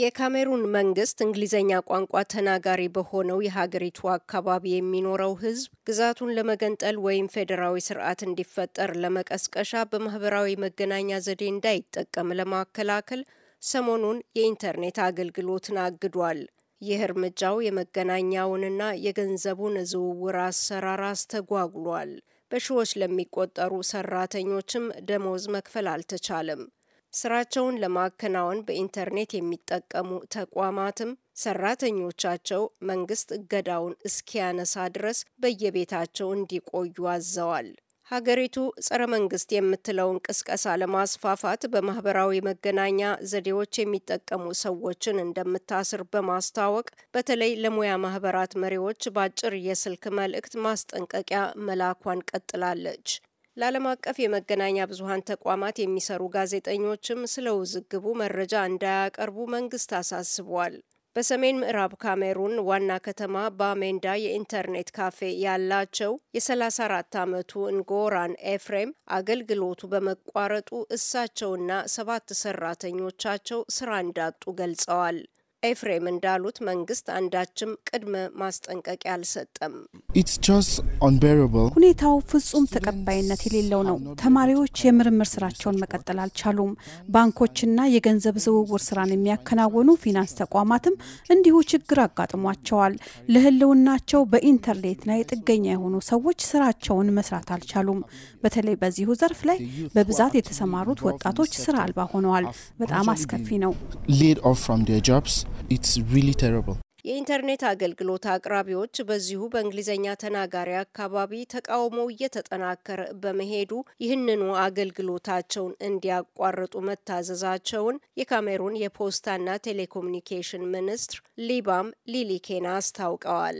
የካሜሩን መንግስት እንግሊዘኛ ቋንቋ ተናጋሪ በሆነው የሀገሪቱ አካባቢ የሚኖረው ህዝብ ግዛቱን ለመገንጠል ወይም ፌዴራዊ ስርዓት እንዲፈጠር ለመቀስቀሻ በማህበራዊ መገናኛ ዘዴ እንዳይጠቀም ለማከላከል ሰሞኑን የኢንተርኔት አገልግሎትን አግዷል። ይህ እርምጃው የመገናኛውንና የገንዘቡን ዝውውር አሰራር አስተጓጉሏል። በሺዎች ለሚቆጠሩ ሰራተኞችም ደሞዝ መክፈል አልተቻለም። ስራቸውን ለማከናወን በኢንተርኔት የሚጠቀሙ ተቋማትም ሰራተኞቻቸው መንግስት እገዳውን እስኪያነሳ ድረስ በየቤታቸው እንዲቆዩ አዘዋል። ሀገሪቱ ጸረ መንግስት የምትለውን ቅስቀሳ ለማስፋፋት በማህበራዊ መገናኛ ዘዴዎች የሚጠቀሙ ሰዎችን እንደምታስር በማስታወቅ በተለይ ለሙያ ማህበራት መሪዎች በአጭር የስልክ መልእክት ማስጠንቀቂያ መላኳን ቀጥላለች። ለዓለም አቀፍ የመገናኛ ብዙሀን ተቋማት የሚሰሩ ጋዜጠኞችም ስለ ውዝግቡ መረጃ እንዳያቀርቡ መንግስት አሳስቧል። በሰሜን ምዕራብ ካሜሩን ዋና ከተማ ባሜንዳ የኢንተርኔት ካፌ ያላቸው የ34 ዓመቱ እንጎራን ኤፍሬም አገልግሎቱ በመቋረጡ እሳቸውና ሰባት ሰራተኞቻቸው ስራ እንዳጡ ገልጸዋል። ኤፍሬም እንዳሉት መንግስት አንዳችም ቅድመ ማስጠንቀቂያ አልሰጠም። ሁኔታው ፍጹም ተቀባይነት የሌለው ነው። ተማሪዎች የምርምር ስራቸውን መቀጠል አልቻሉም። ባንኮችና የገንዘብ ዝውውር ስራን የሚያከናውኑ ፊናንስ ተቋማትም እንዲሁ ችግር አጋጥሟቸዋል። ለህልውናቸው በኢንተርኔት ላይ ጥገኛ የሆኑ ሰዎች ስራቸውን መስራት አልቻሉም። በተለይ በዚሁ ዘርፍ ላይ በብዛት የተሰማሩት ወጣቶች ስራ አልባ ሆነዋል። በጣም አስከፊ ነው። ኢትስ ሪሊ ተረብል። የኢንተርኔት አገልግሎት አቅራቢዎች በዚሁ በእንግሊዝኛ ተናጋሪ አካባቢ ተቃውሞ እየተጠናከረ በመሄዱ ይህንኑ አገልግሎታቸውን እንዲያቋርጡ መታዘዛቸውን የካሜሩን የፖስታና ቴሌኮሙኒኬሽን ሚኒስትር ሊባም ሊሊኬና አስታውቀዋል።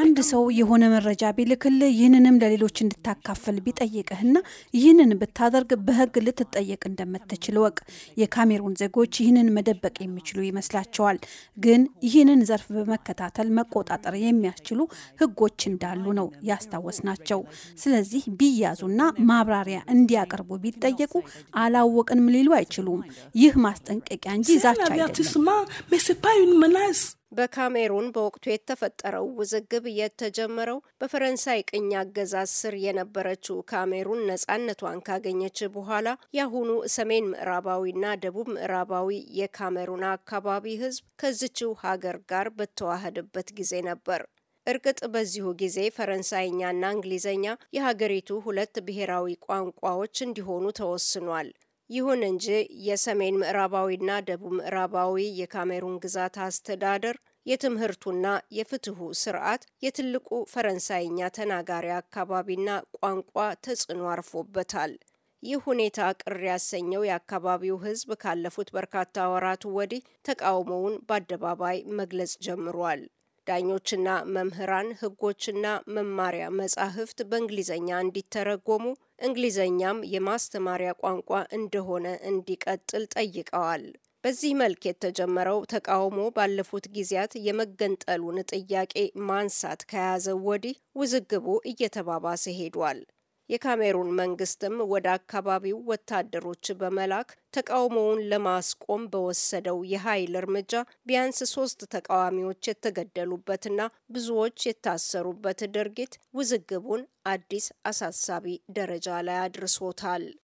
አንድ ሰው የሆነ መረጃ ቢልክል ይህንንም ለሌሎች እንድታካፍል ቢጠይቅህና ይህንን ብታደርግ በሕግ ልትጠየቅ እንደምትችል ወቅ። የካሜሩን ዜጎች ይህንን መደበቅ የሚችሉ ይመስላቸዋል። ግን ይህንን ዘርፍ በመከታተል መቆጣጠር የሚያስችሉ ሕጎች እንዳሉ ነው ያስታወስ ናቸው። ስለዚህ ቢያዙና ማብራሪያ እንዲያቀርቡ ቢጠየቁ አላወቅንም ሊሉ አይችሉም። ይህ ማስጠንቀቂያ እንጂ ዛቻ አይደለም። በካሜሩን በወቅቱ የተፈጠረው ውዝግብ የተጀመረው በፈረንሳይ ቅኝ አገዛዝ ስር የነበረችው ካሜሩን ነጻነቷን ካገኘች በኋላ የአሁኑ ሰሜን ምዕራባዊና ደቡብ ምዕራባዊ የካሜሩን አካባቢ ሕዝብ ከዚችው ሀገር ጋር በተዋሃደበት ጊዜ ነበር። እርግጥ በዚሁ ጊዜ ፈረንሳይኛና እንግሊዝኛ የሀገሪቱ ሁለት ብሔራዊ ቋንቋዎች እንዲሆኑ ተወስኗል። ይሁን እንጂ የሰሜን ምዕራባዊና ደቡብ ምዕራባዊ የካሜሩን ግዛት አስተዳደር የትምህርቱና የፍትሁ ስርዓት የትልቁ ፈረንሳይኛ ተናጋሪ አካባቢና ቋንቋ ተጽዕኖ አርፎበታል። ይህ ሁኔታ ቅር ያሰኘው የአካባቢው ሕዝብ ካለፉት በርካታ ወራት ወዲህ ተቃውሞውን በአደባባይ መግለጽ ጀምሯል። ዳኞችና መምህራን ህጎችና መማሪያ መጻሕፍት በእንግሊዝኛ እንዲተረጎሙ እንግሊዝኛም የማስተማሪያ ቋንቋ እንደሆነ እንዲቀጥል ጠይቀዋል። በዚህ መልክ የተጀመረው ተቃውሞ ባለፉት ጊዜያት የመገንጠሉን ጥያቄ ማንሳት ከያዘው ወዲህ ውዝግቡ እየተባባሰ ሄዷል። የካሜሩን መንግስትም ወደ አካባቢው ወታደሮች በመላክ ተቃውሞውን ለማስቆም በወሰደው የኃይል እርምጃ ቢያንስ ሶስት ተቃዋሚዎች የተገደሉበትና ብዙዎች የታሰሩበት ድርጊት ውዝግቡን አዲስ አሳሳቢ ደረጃ ላይ አድርሶታል።